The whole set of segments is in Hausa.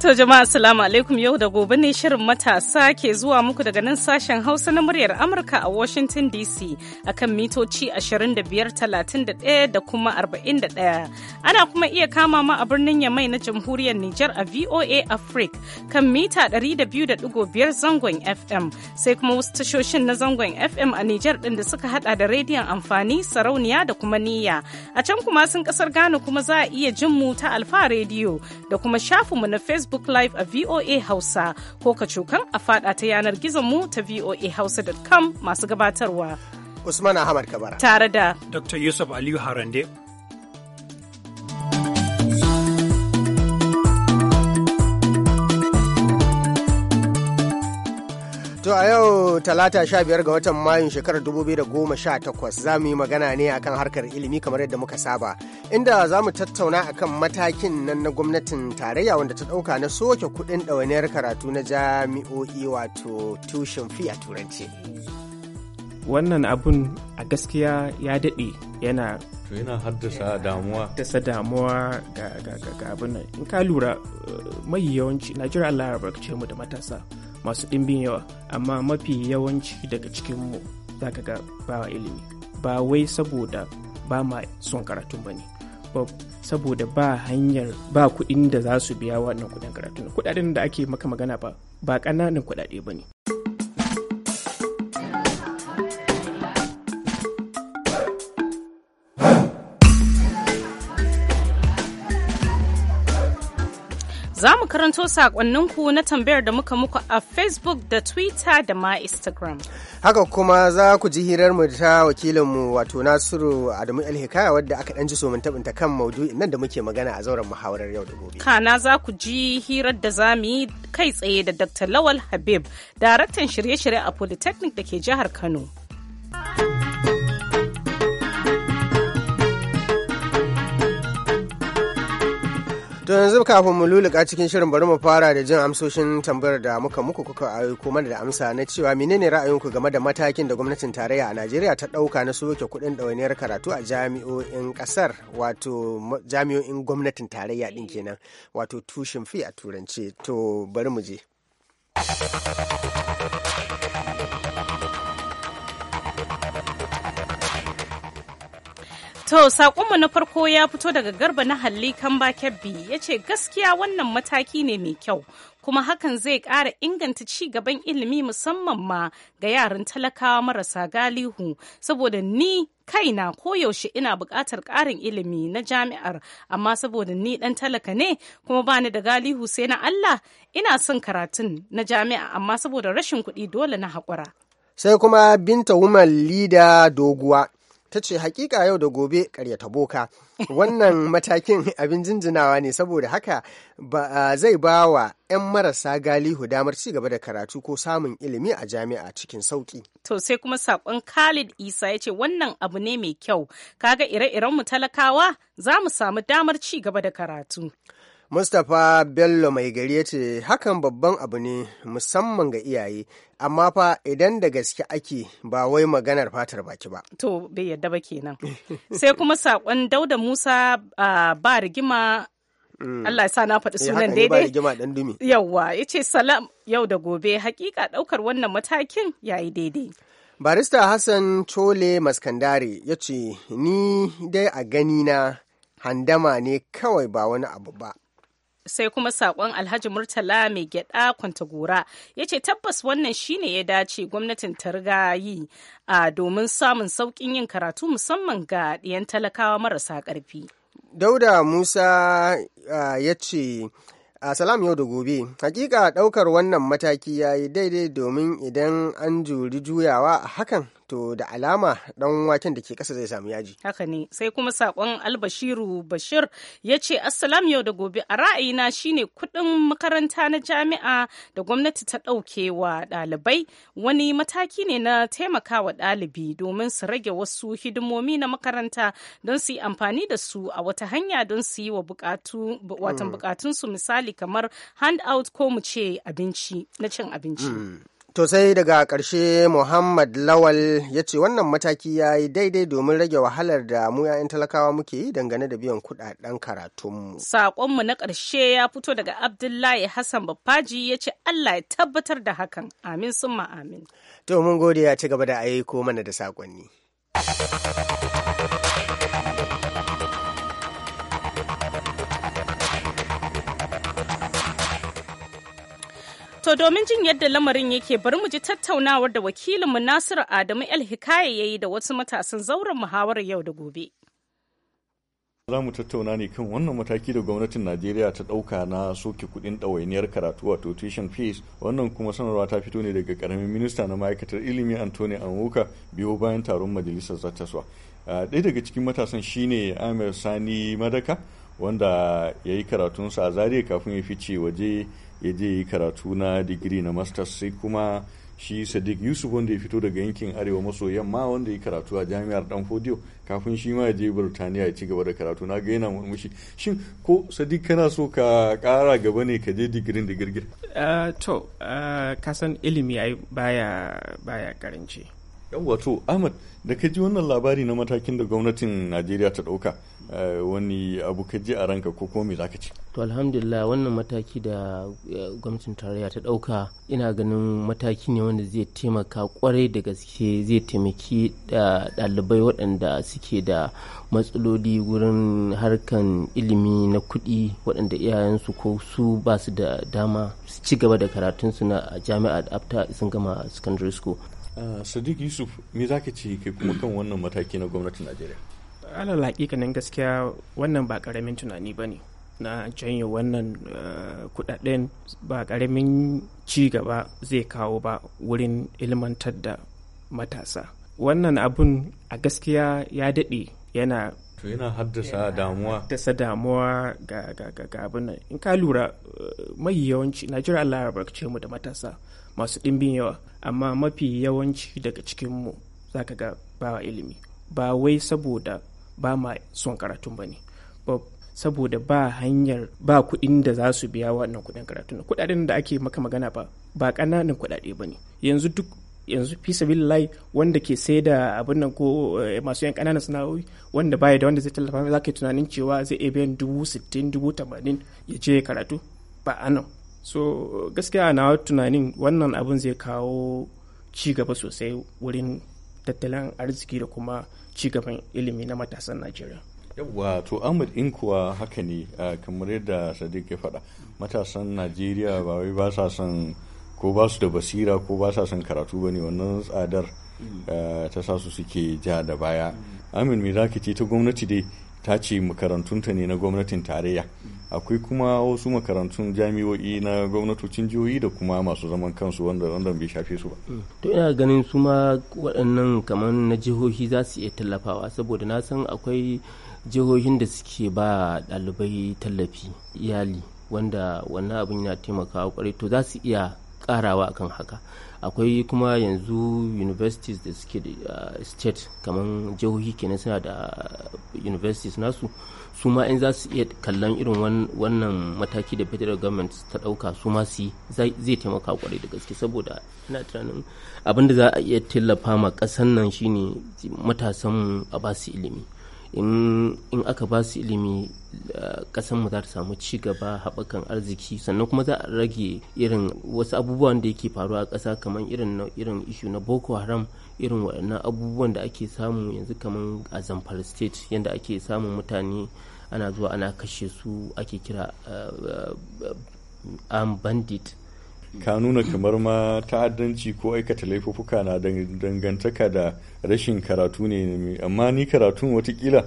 To jama'a assalamu alaikum yau da gobe ne shirin matasa ke zuwa muku daga nan sashen Hausa na muryar Amurka a Washington DC akan mitoci 2531 da kuma 41. Ana kuma iya kama ma a birnin Yamai na Jamhuriyar Nijar a VOA Africa kan mita 200.5 zangon FM sai kuma wasu tashoshin na zangon FM a Nijar din da suka hada da rediyon amfani sarauniya da kuma niyya. A can kuma sun kasar Ghana kuma za a iya jin mu ta Alfa rediyo da kuma shafinmu na Facebook Facebook Live a VOA Hausa ko ka cokan a fada ta yanar gizon mu ta voahausa.com masu gabatarwa. Usman Ahmad Kabara. Tare da Dr. Yusuf Aliyu Harande. To a yau talata sha biyar ga watan Mayun shekarar dubu biyu da goma sha takwas za mu yi magana ne akan harkar ilimi kamar yadda muka saba inda za mu tattauna akan matakin nan na gwamnatin tarayya wanda ta ɗauka na soke kuɗin ɗawainiyar karatu na jami'o'i wato tushen fi a turanci. Wannan abun a gaskiya ya daɗe yana to yana haddasa damuwa haddasa damuwa ga abin nan in ka lura eh, mai yawanci Najeriya Allah ya mu da matasa masu ɗimbin yawa amma mafi yawanci daga cikinmu za ka ga ba ilimi ba wai saboda ba ma son karatun ba ne saboda ba hanyar ba kuɗin da za su biya wannan kuɗin karatun kuɗaɗen da ake maka magana ba ba ƙananan kuɗaɗe ba ne Za mu karanto saƙonninku na tambayar da muka muku a Facebook da Twitter da ma Instagram. Haka kuma za ku ji hirarmu ta wakilinmu wato Nasiru Adamu Hikaya wadda aka ɗan ji somin tabinta kan maudu'in nan da muke magana a zauren muhawarar yau da gobe. Kana za ku ji hirar da za mu yi kai tsaye da Dr. Lawal Habib, daraktan shirye-shirye a Polytechnic da ke jihar Kano. To yanzu kafin mu lulluka cikin shirin bari mu fara da jin amsoshin tambayar da muka muku kuka aiko mana da amsa na cewa menene ra'ayinku game da matakin da gwamnatin tarayya a Najeriya ta dauka na soke kudin ɗawainiyar karatu a jami'o'in ƙasar wato jami'o'in gwamnatin tarayya din kenan wato tushin fi a turance to bari mu je. To, saƙonmu na farko ya fito daga garba na halli kan kebbi ya ce gaskiya wannan mataki ne mai kyau kuma hakan zai ƙara inganta ci gaban ilimi musamman ma ga yaran talakawa marasa galihu saboda ni kaina koyaushe ina buƙatar ƙarin ilimi na jami'ar amma saboda ni ɗan talaka ne kuma bani da galihu sai na Allah ina son karatun na jami'a amma saboda rashin kuɗi dole na haƙura. Sai kuma Binta Woman Lida Doguwa ta ce hakika yau da gobe karyata boka wannan matakin abin jinjinawa ne saboda haka ba zai ba wa 'yan marasa galihu damar ci gaba da karatu ko samun ilimi a jami'a cikin sauki. To sai kuma sakon Khalid Isa ya ce wannan abu ne mai kyau kaga ire-iren mu talakawa za mu samu damar ci gaba da karatu. mustapha bello mai gari ya ce hakan babban abu ne musamman ga iyaye amma fa idan da gaske ake ba wai maganar fatar baki ba to bai yadda ba kenan sai kuma saƙon dauda musa uh, ba rigima mm. Allah ya sa na faɗi eh, sunan daidai. Yawwa, ya ce salam yau da gobe hakika ɗaukar wannan matakin yayi daidai. Barista Hassan Chole Maskandare ya ce, Ni dai a gani na, handama ne kawai ba wani abu ba. sai kuma sakon alhaji murtala mai gyada kwantagora ya ce tabbas wannan shine ya dace gwamnatin ta yi a domin samun saukin yin karatu musamman ga ɗiyan talakawa marasa ƙarfi dauda musa ya ce a salam yau da gobe hakika ɗaukar wannan mataki ya yi daidai domin idan an juri juyawa a hakan to da alama dan waken da ke kasa zai samu yaji haka ne sai kuma sakon albashiru bashir ya ce assalam yau da gobe a ra'ayina shine kudin makaranta na jami'a da gwamnati ta ɗauke wa ɗalibai wani mataki ne na taimakawa dalibi domin su rage wasu hidimomi na makaranta don su yi amfani da su a wata hanya don su yi wa bukatun mm. su misali kamar handout ko mu ce abinci na cin abinci mm. To sai daga ƙarshe Muhammad Lawal ya ce wannan mataki ya yi daidai domin rage wahalar da mu 'ya'yan talakawa muke yi dangane da biyan kuɗaɗen karatunmu. Saƙonmu na ƙarshe ya fito daga Abdullahi Hassan Bafaji ya ce Allah ya tabbatar da hakan. Amin sun amin. To mun gode ya ci gaba da aiko mana da saƙonni. To domin jin yadda lamarin yake bari mu ji tattaunawar da wakilinmu Nasiru Adamu El Hikaye ya yi da wasu matasan zauren muhawarar yau da gobe. za mu tattauna ne kan wannan mataki da gwamnatin najeriya ta ɗauka na soke kuɗin ɗawainiyar karatu wato tuition fees wannan kuma sanarwa ta fito ne daga ƙaramin minista na ma'aikatar ilimi antoni anwuka biyo bayan taron majalisar zattaswa ah, ɗaya daga cikin matasan shine amir sani madaka wanda ya yi karatunsa a zariya kafin ya fice waje ya je yi karatu na digiri na masters sai kuma shi sadiq yusuf wanda ya fito daga yankin arewa maso yamma wanda ya karatu a jami'ar dan fodiyo kafin shi ma ya je burtaniya ya ci gaba da karatu na ga yana murmushi shin ko sadiq kana so ka kara gaba ne ka je digirin da girgir eh, to eh, kasan ilimi baya baya karanci yan wato ahmad da ka ji wannan labari na matakin da gwamnatin najeriya ta ɗauka eh, wani abu ka ji a ranka ko kuma za zaka ce to alhamdulillah wannan mataki da eh, gwamnatin tarayya ta ɗauka ina ganin mataki ne wanda zai taimaka kwarai da gaske zai taimaki da eh, ɗalibai waɗanda suke da matsaloli wurin harkan ilimi na kuɗi waɗanda iyayensu ko su basu da dama su ci gaba da karatunsu na jami'a after sun gama secondary school Ah, sadiq yusuf me za ka ce kai kuma kan wannan mataki na gwamnatin najeriya alal hakikanin gaskiya wannan ba karamin tunani ba ne na janyo wannan ah, kudaden ba karamin ci gaba zai kawo ba wurin ilmantar da matasa wannan abun a gaskiya ya daɗe yana to yana haddasa damuwa haddasa damuwa ga abin nan in ka lura ah, mai yawanci najeriya allah ya mu da matasa masu ɗimbin yawa amma mafi yawanci daga cikinmu za ka ga ba ilimi ba wai saboda ba ma son karatun ba ne saboda ba hanyar ba kuɗin da za su biya wannan kuɗin karatun kuɗaɗen da ake maka magana ba ba ƙananan kuɗaɗe ba ne yanzu duk yanzu fi lai wanda ke sai da abin nan ko eh, masu yan ƙananan sana'o'i wanda baya da wanda zai tallafa za ka tunanin cewa zai iya biyan dubu sittin dubu tamanin ya je karatu ba a nan. so gaskiya na tunanin wannan abin zai kawo cigaba sosai wurin tattalin arziki da kuma cigaban ilimi na matasan najeriya yawwa to ahmad in kuwa haka ne kamar yadda sadiq ya faɗa matasan najeriya ba wai ba sa son ko ba su da basira ko ba sa son karatu ba ne wannan tsadar ta sa su suke ja da baya amin me za ce ta gwamnati dai ta ce makarantunta ne na gwamnatin tarayya akwai kuma wasu makarantun jami'o'i na gwamnatocin jihohi da kuma masu zaman kansu wanda wanda bai shafe su ba to ina ganin su ma waɗannan kamar na jihohi za su iya tallafawa saboda na san akwai jihohin da suke ba ɗalibai tallafi iyali wanda wannan abin yana taimakawa kwarai to za su iya karawa akan haka akwai kuma yanzu universities da suke da ah, state kamar jihohi kenan suna da ah, universities nasu su ma in za su iya kallon irin wannan mataki da federal government ta dauka su ma su zai taimaka kwarai da gaske saboda ina tunanin abin da za a iya tallafa ma kasan nan shine matasan a ba su ilimi in aka ba su ilimi kasan eh, mu za ta samu ci gaba haɓakan arziki sannan kuma za a rage irin wasu abubuwan da yake faruwa a ƙasa kamar irin irin ishu na boko haram irin waɗannan abubuwan da ake samu yanzu kamar a zamfara state yadda ake samun mutane ana zuwa ana kashe su ake kira uh, uh, arm bandit ka nuna kamar ma ta'addanci ko aikata laifuka na dangantaka da rashin karatu ne amma ni karatun watakila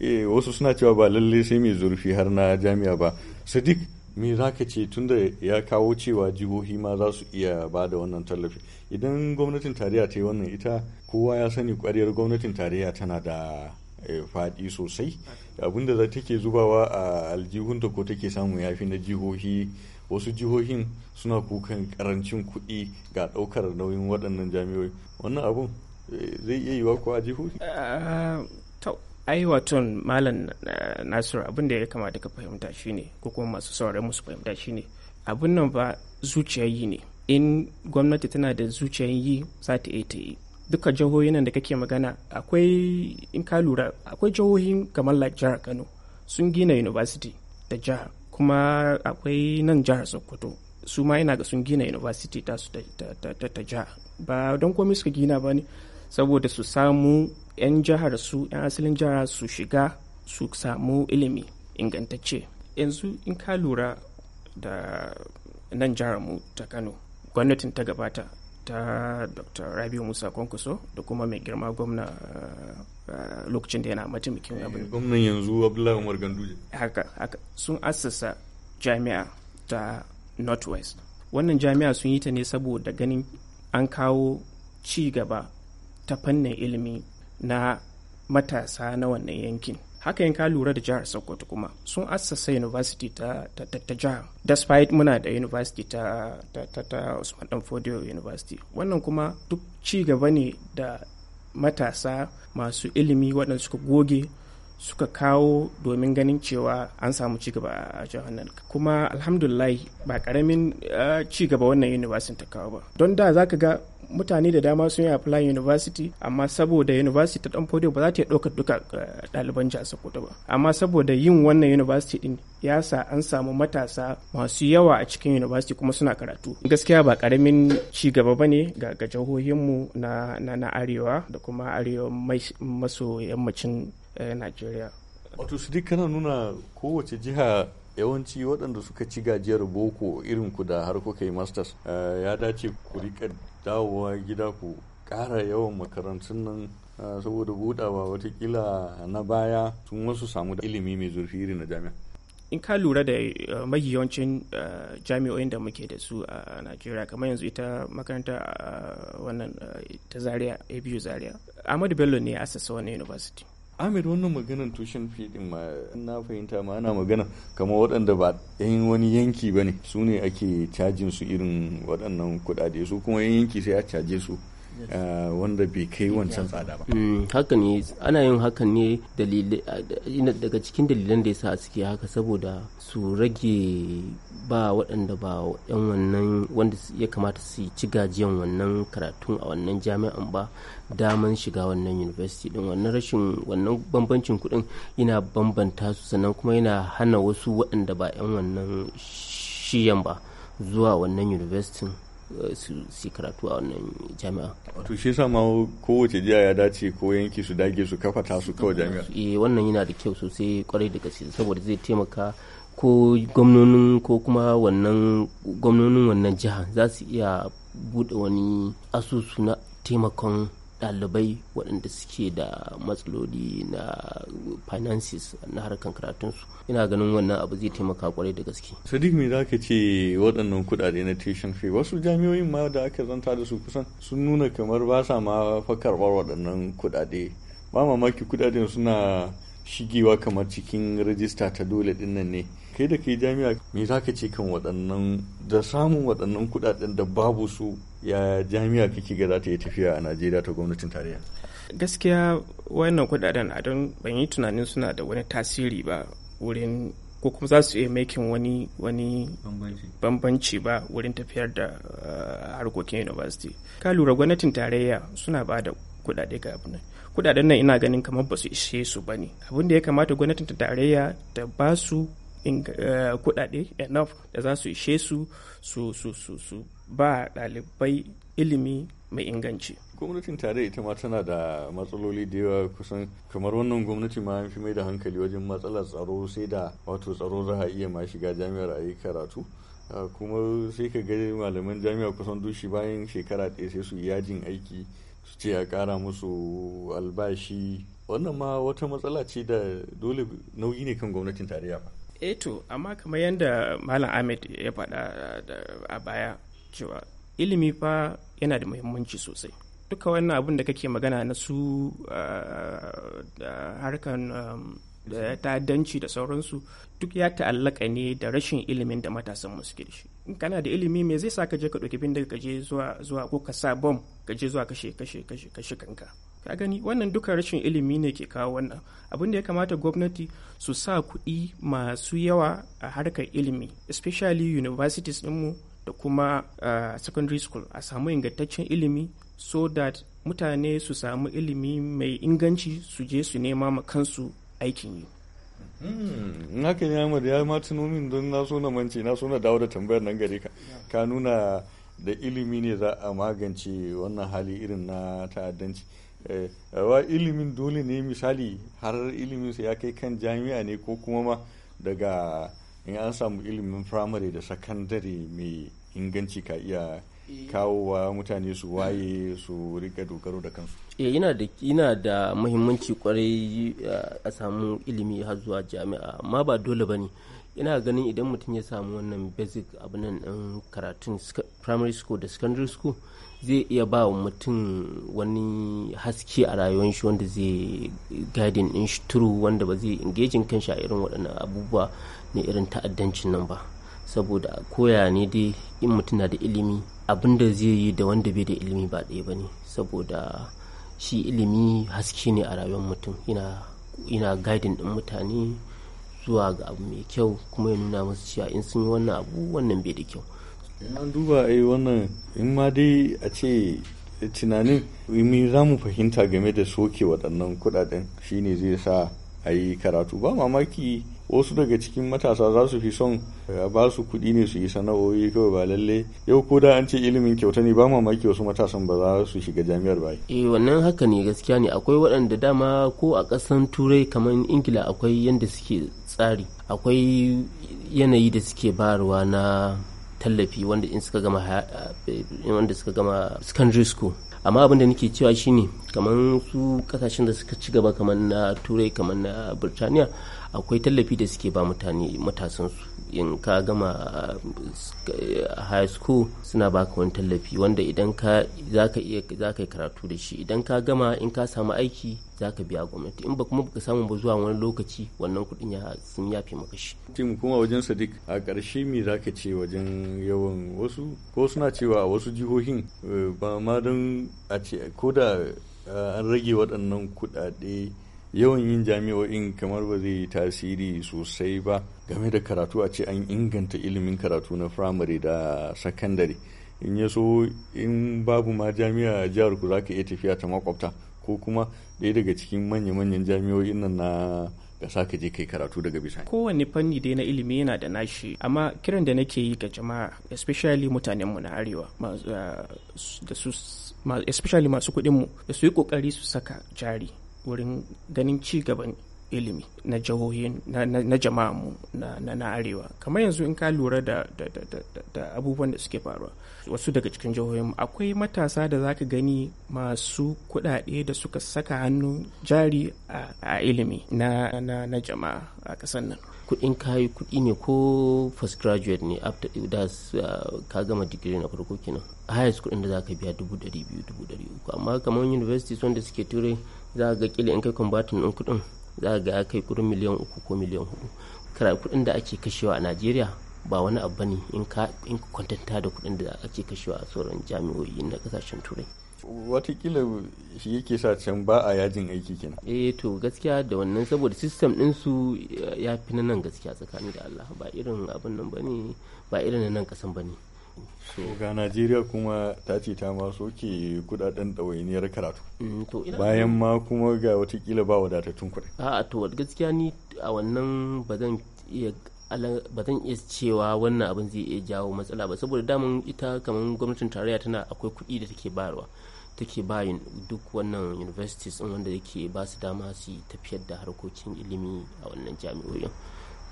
eh, wasu suna cewa ba lalle sai mai zurfi har na jami'a ba sadiq me za ka ce tunda ya kawo cewa jihohi ma za su iya ba da wannan tallafi idan gwamnatin tarayya ta yi wannan ita kowa ya sani kwariyar gwamnatin tarayya tana da Eh, faɗi sosai abinda za ke zubawa a aljihunta ko take samu yafi na jihohi wasu jihohin suna kukan karancin kuɗi ga ɗaukar nauyin waɗannan jami'oi wannan abun eh, zai iya yiwa ko a jihohi eh, ai waton malam nasir abin da ya kamata ka fahimta shine ko kuma masu sauraron musu fahimta shine abin nan ba zuciyayi ne in gwamnati tana da zuciyayi za ta iya ta yi duka jihohin nan da kake magana akwai in ka lura akwai jihohi kamar like jihar kano sun gina university da jihar kuma akwai nan jihar sokoto su ma ina ga sun gina university ta su ta jihar ba don komai suka gina ba ne saboda su samu 'yan jihar su 'yan asalin jihar su shiga su samu ilimi ingantacce yanzu in ka lura da nan jihar mu ta kano gwamnatin ta gabata ta dr rabiu musa kwankwaso da kuma mai girma gwamna eh, lokacin da yana mataimakin abin eh, gwamnan yanzu abdullahi umar ganduje haka haka sun assasa jami'a ta northwest wannan jami'a sun yi ta ne saboda ganin an kawo ci gaba ta fannin ilimi na matasa na wannan yankin haka yin ka lura da jihar sokoto kuma sun assasa university ta, ta, ta, jihar despite muna da university ta, ta, ta, ta usman dan fodio university wannan kuma duk ci gaba ne da matasa masu ilimi waɗanda suka goge suka kawo domin ganin cewa an samu cigaba a jihar nan kuma alhamdulillah ba karamin eh, cigaba wannan university ta kawo ba don da zaka ga mutane da dama sun yi apply university amma saboda university ta dan fodiyo ba za ta iya ɗaukar duka eh, ɗaliban jasa sokoto ba amma saboda yin wannan university din ya sa an samu matasa masu yawa a cikin university kuma suna karatu gaskiya ba karamin ci gaba ba ne ga jihohinmu na, na arewa da kuma arewa maso yammacin eh, nigeria. wato su kana nuna kowace jiha yawanci waɗanda suka ci gajiyar boko irin ku da har kuka yi masters eh, ya dace ku riƙa dawowa gida ku ƙara yawan makarantun nan saboda budawa watakila na baya sun wasu samu da ilimi mai zurfi irin na jami'a in ka lura da mafi yawancin jami'o'in da muke da su a najeriya kamar yanzu ita makaranta wannan ta zaria abu zaria ahmadu bello ne ya asasa wannan university amir wannan maganan tushen fiɗin ma na fahimta ma ana magana kamar waɗanda ba yan wani yanki ba ne su ne ake cajin su irin waɗannan kuɗaɗe su kuma yan yanki sai a caje su Eh, wanda bai kai wancan tsada ba mm, haka ne ana yin hakan ne daga cikin dalilan da yasa suke haka saboda su rage ba waɗanda ba yan wannan wanda ya kamata su ci gajiyan wannan karatun a wannan jami'an ba daman shiga wannan university din wannan rashin wannan bambancin kuɗin yana bambanta su sannan kuma yana hana wasu waɗanda ba yan wannan shiyan ba zuwa wannan university su karatu a wannan jami'a. Wato shi sa ma kowace jiya ya dace ko yanki su dage su kafa su kawai jami'a. Eh wannan yana da kyau sosai kwarai da gaske saboda zai taimaka ko gwamnonin ko kuma wannan gwamnonin wannan jiha za su iya buɗe wani asusu na taimakon dalibai waɗanda suke da matsaloli na finances na harkar karatunsu ina ganin wannan abu zai taimaka kwarai da gaske sadiq me zaka ce waɗannan kuɗaɗe na tuition fee wasu jami'o'in ma da aka zanta da su kusan sun nuna kamar ba sa ma fa karɓar waɗannan kuɗaɗe ba mamaki kuɗaɗen suna shigewa kamar cikin rajista ta dole dinnan ne kai da kai jami'a me za ka ce kan waɗannan da samun waɗannan kuɗaɗen da babu su ya jami'a kake ga za ta yi tafiya a najeriya ta gwamnatin tarayya gaskiya wannan kuɗaɗen a don ban yi tunanin suna da wani tasiri ba wurin ko kuma za su iya makin wani wani bambanci ba wurin tafiyar da eh, harkokin university ka lura gwamnatin tarayya suna ba da kuɗaɗe ga abin kuɗaɗen nan ina ganin kamar ba su ishe su ba ne abin da ya kamata gwamnatin tarayya ta ba su Eh, kuɗaɗe enough da za su ishe su su ba dalibai ilimi mai inganci. gwamnatin tare ita ma tana da matsaloli da yawa kusan kamar wannan gwamnati ma an fi mai da hankali wajen matsalar tsaro sai da wato tsaro za a iya ma shiga jami'ar a yi karatu ah, kuma sai ka ga malaman jami'a kusan dushi bayan shekara ɗaya sai su yajin aiki su ce a ƙara musu albashi wannan ma wata matsala ce da dole nauyi ne kan gwamnatin tarayya ba eto eh amma kamar yadda malam ahmed ya faɗa eh, a baya cewa ilimi fa yana da muhimmanci sosai duka wannan abun da kake magana na su eh, harkan um, da ta'addanci da sauransu duk ya ta'allaka ne da rashin ilimin da matasan mu suke da shi in kana da ilimi me zai sa ka je ka ɗauki bindiga ka je zuwa ko ka sa bom ka je zuwa kashe kashe kashe kanka ka gani wannan duka rashin ilimi ne ke kawo wannan abin da ya kamata gwamnati su sa kuɗi masu yawa a harkar ilimi especially universities ɗinmu da kuma uh, secondary school a samu ingantaccen ilimi so that mutane su samu ilimi mai inganci su je su nema ma kansu aikin yi hmm, haka yi Ahmad ya ma tuno don na na manci na na dawo da tambayar nan gare ka ka nuna da ilimi ne za a magance wannan hali irin na ta'addanci Eh, wa ilimin dole ne misali har ilimin ya kai kan jami'a ne ko kuma ma daga in an samu ilimin firamare da sakandare mai inganci ka iya eh. kawowa mutane su waye su rika dogaro da kansu yana eh, da muhimmanci kwarai a samu ilimi har zuwa jami'a amma ba dole bane ne ina ganin idan mutum ya samu wannan basic abinan ɗin karatun primary school da secondary school zai iya ba wa mutum wani haske a rayuwar shi wanda zai guiding din shi true wanda ba zai engage kan kanshi a irin waɗannan abubuwa na irin ta'addancin nan ba saboda koya ne dai in mutum na da ilimi abunda zai yi da wanda bai da ilimi ba ɗaya ba ne saboda shi ilimi haske ne a rayuwar mutum ina guiding din mutane zuwa ga abu mai kyau kuma ya nuna masu cewa in sun yi wannan abu wannan bai da kyau an duba a eh, wannan in ma dai a ce tunanin mi za mu fahimta game da soke waɗannan kuɗaɗen shine zai sa a yi karatu ba mamaki wasu daga cikin matasa za su fi son a ba su kuɗi ne su yi sana'o'i kawai ba lalle yau ko da an ce ilimin kyauta ne ba mamaki wasu matasan ba za su shiga jami'ar ba eh wannan haka ne gaskiya ne akwai waɗanda dama ko a ƙasan turai kamar ingila akwai yadda suke tsari akwai yanayi da suke bayarwa na tallafi wanda in suka gama eh, wanda suka gama secondary school amma abin da nake cewa shine kamar su kasashen da suka ci gaba kamar na turai kamar na birtaniya akwai tallafi da suke ba mutane matasan su in ka gama eh, high school suna baka wani tallafi wanda idan ka zaka iya zaka yi karatu da shi idan ka gama in ka samu aiki zaka biya gwamnati in ba kuma baka samu ba zuwa wani lokaci wannan kudin ya sun yafe maka shi tim kuma wajen sadiq a ƙarshe me zaka ce wajen yawan wasu ko suna cewa a wasu jihohin eh, ba ma don a ce ko da eh, an rage waɗannan kuɗaɗe yawan yin jami'o'in kamar ba zai yi tasiri sosai ba game da karatu a ce an inganta ilimin karatu na firamare da sakandare in ya so in babu ma jami'a a jihar ku za ka iya tafiya ta makwabta ko kuma ɗaya daga cikin manya-manyan jami'o'in nan na sa ka je kai karatu daga bisa. Kowane fanni dai na ilimi yana da nashi, amma kiran da nake yi ga jama'a, especially mutanenmu na arewa, eh, da su especially masu mu da su yi ƙoƙari su saka jari. wurin ganin ci gaban ilimi na jihohin na jama'anmu na arewa kamar yanzu in ka lura da abubuwan da suke faruwa wasu daga cikin jihohin akwai matasa da zaka gani masu kuɗaɗe da suka saka hannu jari a ilimi na jama'a a ƙasar nan kuɗin kayi kuɗi ne ko first graduate ne after das uh, ka gama digiri na farko kenan highest kuɗin da zaka biya dubu dari biyu dubu dari uku amma kamar universities wanda suke turai za ga kila in kai kwambatin ɗin kuɗin za ga ya kai kuɗin miliyan uku ko miliyan hudu kara kuɗin da ake kashewa a najeriya ba wani abu ne in ka kwantanta da kuɗin da ake kashewa a sauran jami'o'i na kasashen turai watakila shi yake sa can ba a yajin aiki kenan eh to gaskiya da wannan saboda system din su ya fi na nan gaskiya tsakani da Allah ba irin abin nan bane ba irin na nan kasan bane so ga najeriya kuma ta ce ta ma soke kudaden ɗawainiyar karatu mm, bayan ma kuma ga watakila ba wadatattun kuɗi a to gaskiya ni a wannan ba zan iya cewa wannan abin zai iya jawo matsala ba saboda damun ita kamar gwamnatin tarayya tana akwai kuɗi da take bayarwa take bayin duk wannan universities wanda yake ba su dama su tafiyar da harkokin ilimi a wannan jami'o'in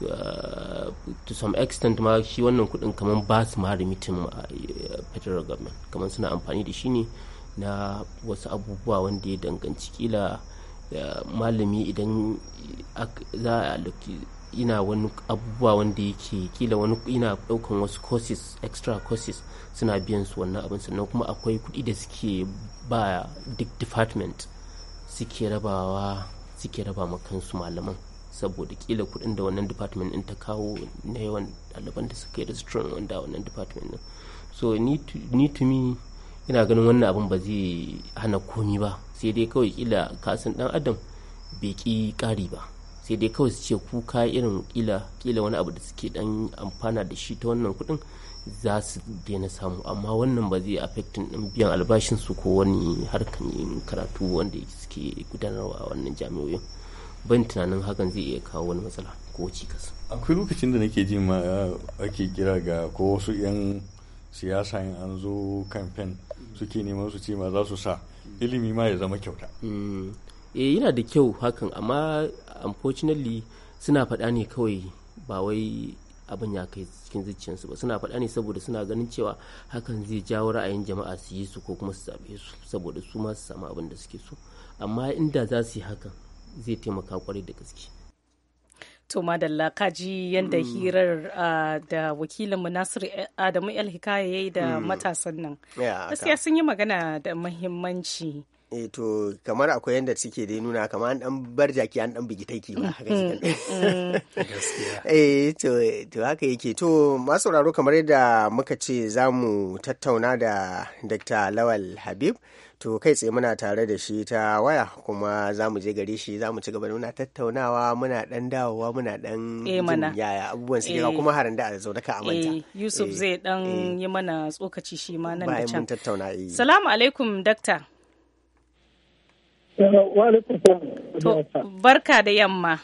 Uh, to some extent ma shi wannan kudin kamar ba su ma remitin a uh, federal government kamar suna amfani da shi ne na wasu abubuwa wanda ya danganci kila uh, malami idan za a ina wani abubuwa wanda yake kila wani ina daukan wasu courses extra courses suna biyan su wannan abin sannan kuma akwai kuɗi da suke ba duk department suke rabawa suke raba makansu kansu malaman saboda kila kuɗin da wannan department ɗin ta kawo na yawan ɗaliban da suka yi strong wanda wannan department din so ni to me ina ganin wannan abin ba zai hana komi ba sai dai kawai kila kasan ɗan adam bai ƙi ƙari ba sai dai kawai su ce kuka irin kila kila wani abu da suke dan amfana da shi ta wannan kuɗin za su daina samu amma wannan ba zai affecting din biyan albashin su ko wani harkan karatu wanda suke gudanarwa a wannan jami'oyin. ban tunanin hakan zai iya kawo wani matsala ko cikas akwai lokacin da nake ji ma ake kira ga ko wasu 'yan siyasa in an zo kamfen suke neman su ce ma za su sa ilimi ma ya zama kyauta mm. eh yana da kyau hakan amma unfortunately suna faɗa ne kawai ba wai abin ya kai cikin zuciyarsu ba suna faɗa ne saboda suna ganin cewa hakan zai jawo ra'ayin jama'a su yi su ko kuma su zaɓe su saboda su ma su samu abin da suke so amma inda za su yi hakan zai taimaka kwarai da gaske to madalla kaji yadda mm. hirar ah, da wakilinmu nasiru adamu el hikaya ya yi da mm. matasan nan gaskiya sun yi magana da muhimmanci e to kamar akwai yadda suke dai nuna kamar an dan bar jaki an dan bigi taiki ba mm, eh to to haka yake to masu sauraro kamar yadda muka ce za mu tattauna da Dr. Lawal Habib to kai tsaye muna tare da shi ta waya kuma za mu je gare shi za mu ci gaba da muna tattaunawa muna dan dawowa muna dan eh, jin yaya abubuwan su e. kuma eh. harin da zo daga amanta eh, yusuf zai dan yi mana tsokaci shi ma nan da can tattauna e. salamu alaikum dakta to barka da yamma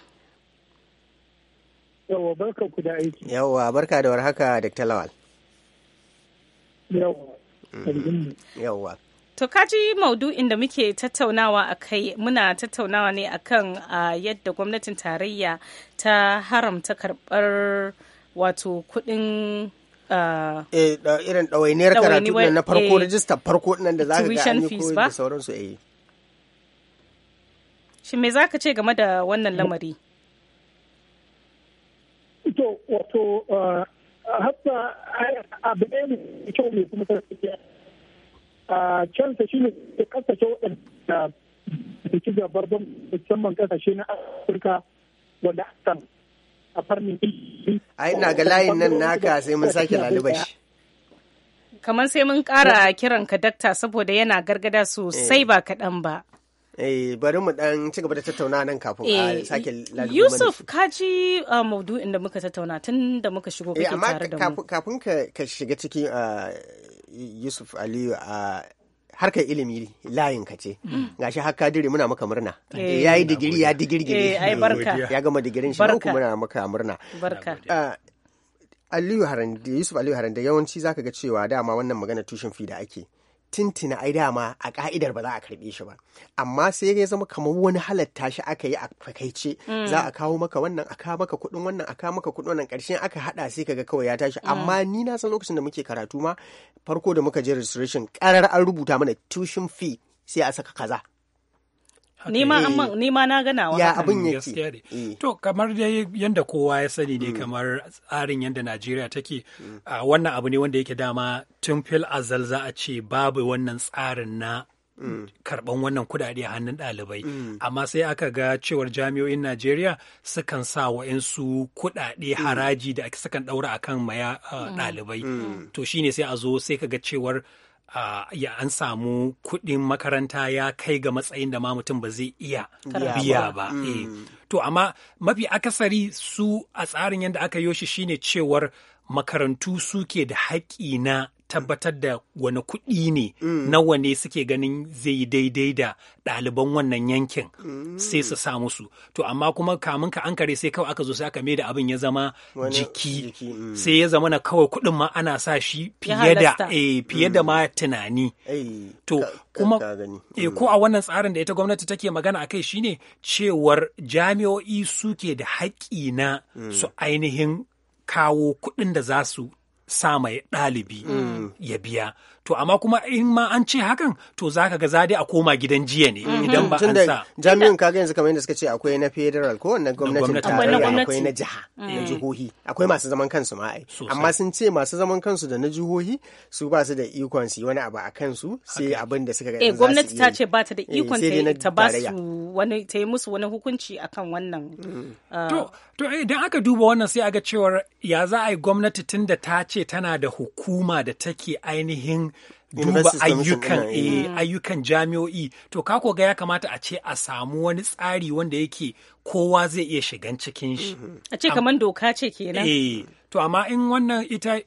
yawa barka ku da aiki yawa barka da warhaka dakta lawal yawa mm. yawa To kaji maudu'in da muke tattaunawa a kai muna tattaunawa ne akan yadda gwamnatin tarayya ta haramta karɓar wato eh, da, irin ɗawainiyar karatu na farko eh, rajistar farko nan da za ka ga an yi da sauransu eh. Shi me za ka ce game da wannan lamari? To wato hatta abu ne mai kyau mai kuma a kyanta shi ne da kasashe waɗanda da ci gabar musamman kasashe na afirka wanda aka a farnin a ina ga layin nan naka sai mun sake laluba shi kamar sai mun ƙara kiran ka dakta saboda yana gargada sosai eh. ba kaɗan ba Eh, bari mu dan ci gaba da tattauna nan kafin a eh, sake lalubu Yusuf ka ji uh, maudu'in da muka tattauna tun da muka shigo kake eh, tare da mu. amma kafin ka shiga ciki uh, yusuf aliyu a harkar ilimi layin ka ce shi haka kadiri muna maka murna eh. ya yi digiri ya digirgiri eh, ya gama digirin shi kuma muna maka murna ah, Aliyu Harande Yusuf Aliyu Harande yawanci zaka ga cewa dama wannan magana tushen fi da ake tintina ai dama a ka'idar ba za a karbe shi ba amma sai ya zama kamar wani halatta shi aka yi a fakaice mm. za a kawo maka wannan a kawo maka kuɗin wannan a kawo maka kudin wannan ƙarshen aka haɗa sai kaga kawai ya tashi mm. amma ni na san lokacin da muke karatu ma farko da muka je registration karar an rubuta mana tushin fee sai a saka kaza nima na gana wa ya abin yake eh. to kamar dai yanda kowa ya sani ne mm. kamar tsarin yanda Najeriya take mm. wannan abu ne wanda yake dama tun fil azal za a ce babu wannan tsarin na mm. karban wannan kudade a hannun ɗalibai amma sai aka ga cewar jami'o'in najeriya sukan sa wa'insu kudade haraji da sukan ɗaura akan maya ɗalibai to shine sai a zo sai ka ga cewar ya an samu kuɗin makaranta ya kai ga matsayin da ma mutum ba zai iya biya ba. Mm. Eh. To, amma mafi akasari su a tsarin yadda aka yoshi shine cewar makarantu suke da haƙƙi na tabbatar da wani kuɗi ne mm. nawa ne suke ganin zai yi daidai da ɗaliban wannan yankin mm. sai su sa musu to amma kuma kamun ka ankare sai kawai aka zo sai aka da abin ya zama jiki mm. sai ya zama na kawai kuɗin ma ana sa shi fiye da eh, fiye da ma tunani to kuma eh, ko a wannan tsarin da ita gwamnati take magana akai shine cewar jami'o'i suke da haƙƙi na su ainihin kawo kuɗin da za su sa mai ɗalibi mm. ya biya to amma kuma in ma an ce hakan to za ka ga za a koma gidan jiya ne mm-hmm. idan ba an sa jami'in kaga yanzu kamar yadda suka ce akwai na federal ko na gwamnatin tarayya akwai na jiha na mm. jihohi akwai masu zaman kansu ma ai amma sun ce masu zaman kansu da na jihohi su ba su da ikon su wani abu a kansu sai abin da suka ga eh gwamnati ta ce ba ta da eh, ikon ta ba su wani ta yi musu wani hukunci akan wannan mm. uh, to to eh, idan aka duba wannan sai aga cewar ya za a yi gwamnati tun da ta ce ce tana da hukuma da take ainihin duba ayyukan eh, eh. ayyukan jami'o'i to ka ga ya kamata a ce a samu wani tsari wanda yake kowa zai iya shigan cikin shi a ce kamar doka ce kenan eh, to amma in wannan ita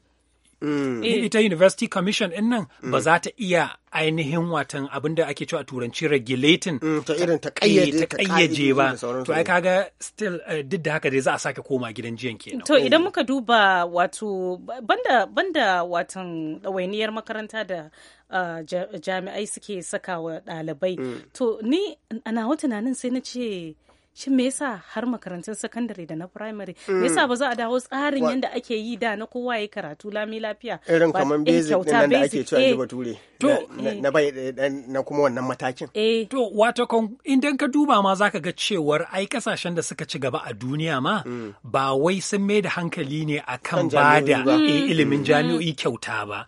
ita mm. university commission din nan ba mm. za ta iya ainihin watan abin da ake cewa a turanci regulating mm, ta irin ta kayyaje eh, ba to ai kaga still eh, duk da haka dai za a sake koma gidan jiyan kenan to idan oh. muka duba wato banda banda watan ɗawainiyar makaranta da eh, jami'ai suke saka wa ɗalibai to ni ana tunanin sai na ce shin me yasa har makarantun sakandare da na primary me hmm. yasa ba za a dawo tsarin yadda ake yi da na kowa ya karatu lami lafiya irin kaman basic nan da ake cewa yanzu eh. bature eh. na bai eh, na kuma wannan matakin to wato kan idan ka duba ma zaka ga cewar ai kasashen da suka ci gaba a duniya ma hmm. ba wai sun mai da hankali ne akan bada ilimin hmm. jami'o'i kyauta ba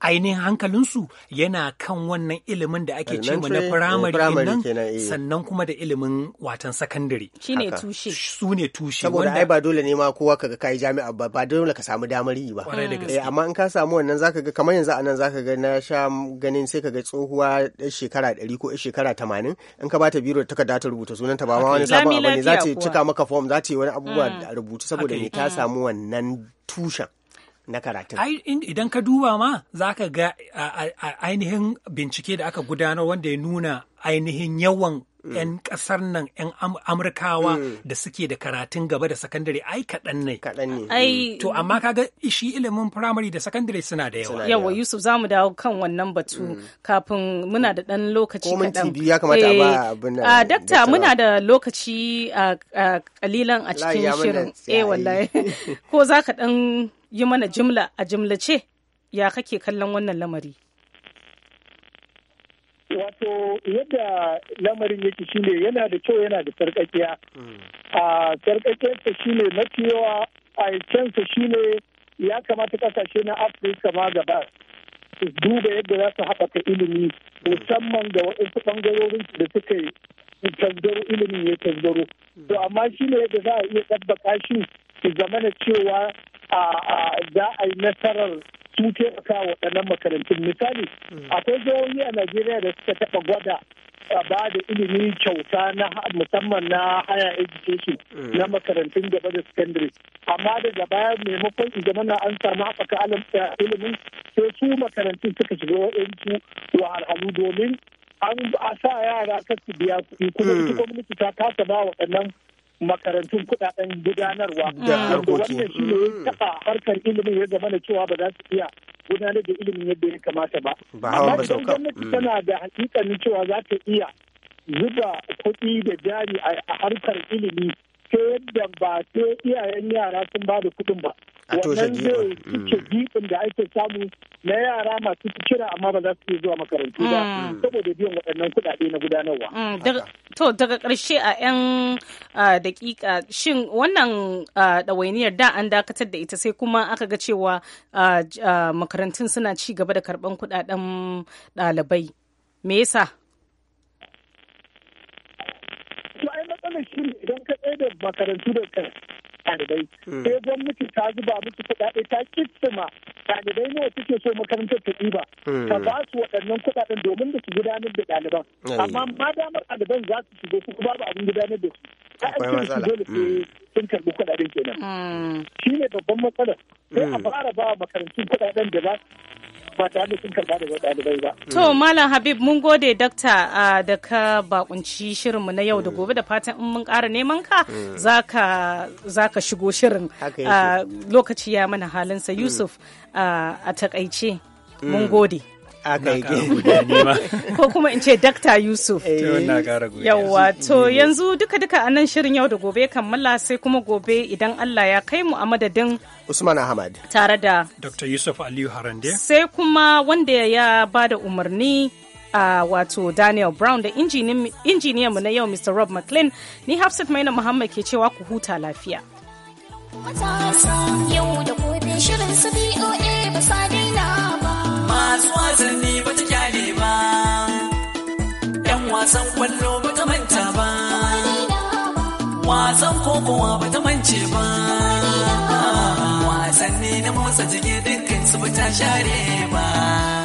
ainihin hankalinsu yana kan wannan ilimin da ake cewa na firamare eh, nan eh. sannan kuma da ilimin watan sakandare shi ne tushe su ne tushe saboda ai ba dole ne ma kowa kaga kai jami'a ba ba dole ka samu damar yi ba mm. eh, amma in ka samu wannan zaka ga kamar yanzu anan zaka ga na sha ganin sai kaga tsohuwa shekara 100 ko shekara 80 in ka bata biro ta da ta rubuta sunan ta ba ma wani sabon abu ne za ta cika maka form za ta yi wani abubuwa mm. rubutu saboda ne ta mm. samu wannan tushen na karatun. idan ka duba ma za ka ga ainihin bincike da aka gudanar wanda ya nuna ainihin yawan 'yan mm. kasar nan 'yan amurkawa mm. da suke da karatun gaba da sakandare ai kaɗan ne. Kaɗan ne. Mm. To amma kaga shi ilimin firamare da sakandare suna da yawa. Yawa Yusuf za mu dawo kan wannan batu kafin muna da ɗan lokaci kaɗan. Ko ya kamata ba eh, abin da. Dakta muna da lokaci kalilan a cikin shirin. Eh wallahi. Ko za ka ɗan yi mana jimla a jimlace ya kake kallon wannan lamari wato yadda lamarin yake shine yana da kyau yana da sarƙaƙiya a sarƙaƙiyarsa shine mafi yawa a shi ne ya kamata ƙasashe na afirka ma gaba su duba yadda za su haɓaka ilimi musamman ga waɗansu ɓangarorin da suka yi tasgaro ilimin ya tasgaro to amma shi ne yadda za a iya ɗabbaka shi su zamana cewa za a yi nasarar su taimaka waɗannan makarantun misali hmm. akwai jihohi a najeriya da suka taɓa gwada A ba da ilimi kyauta na musamman na haya education hmm. na makarantun gaba da secondary amma daga baya maimakon na an samu haɓaka ilimin sai su makarantun suka shiga waɗansu wahalhalu domin an sa yara kasu biya kuɗi kuma hmm. ita gwamnati ta kasa ba waɗannan makarantun kudaden gudanarwa wanda wannan shi ne taba mm. harkar ilimin ya zama cewa ba za su iya gudanar da ilimin yadda ya kamata ba amma idan gwamnati mm. tana da hakikanin cewa za ta iya zuba kuɗi da jari a harkar ilimi ta yadda ba sai iyayen yara sun ba da kuɗin ba wannan zai cike mm. da ake samu na yara masu kira amma ba za su iya zuwa makarantu ba mm. Mm. saboda biyan waɗannan kuɗaɗe na gudanarwa. To daga ƙarshe a 'yan daƙiƙa shin wannan ɗawainiyar da an dakatar da ita sai kuma aka ga cewa makarantun suna ci gaba da karɓan kuɗaɗen ɗalibai. Me yasa? To ai matsalar shi idan ka tsaye da makarantu da ɗalibai mm. sai gwamnati ta zuba musu kuɗaɗe ta kittima ɗalibai nawa suke so makarantar ta ɗiba mm. ta ba su waɗannan kuɗaɗen domin da su gudanar da ɗaliban amma ma damar ɗaliban za su shigo kuma babu abin gudanar da su da ke mm. sun karbi kuɗaɗen kenan shi ne babban matsalar sai a fara ba makarantun kuɗaɗen da za ba sun ɗalibai ba. To Malam Habib mun gode dakta da ka bakunci shirinmu na yau da gobe da fatan in mun ƙara neman ka mm. za ka shigo shirin lokaci ya mana halinsa mm. Yusuf a takaice mun mm. gode. aka yi ko kuma in ce dakta yusuf yawwa to yanzu duka-duka a nan shirin yau da gobe kammala sai kuma gobe idan allah ya kai mu a madadin usman ahmad tare da dr yusuf aliyu harande sai kuma wanda ya ba da umarni a uh, wato daniel brown da injiniyan mu na yau mr rob mclean ni hafsat maina muhammad ke cewa ku huta lafiya masu wasanni ba ta kyale ba yan wasan kwallo ba ta manta ba wasan kokowa ba ta mance ba wasanni na motsa jiki dukkan su ba ta share ba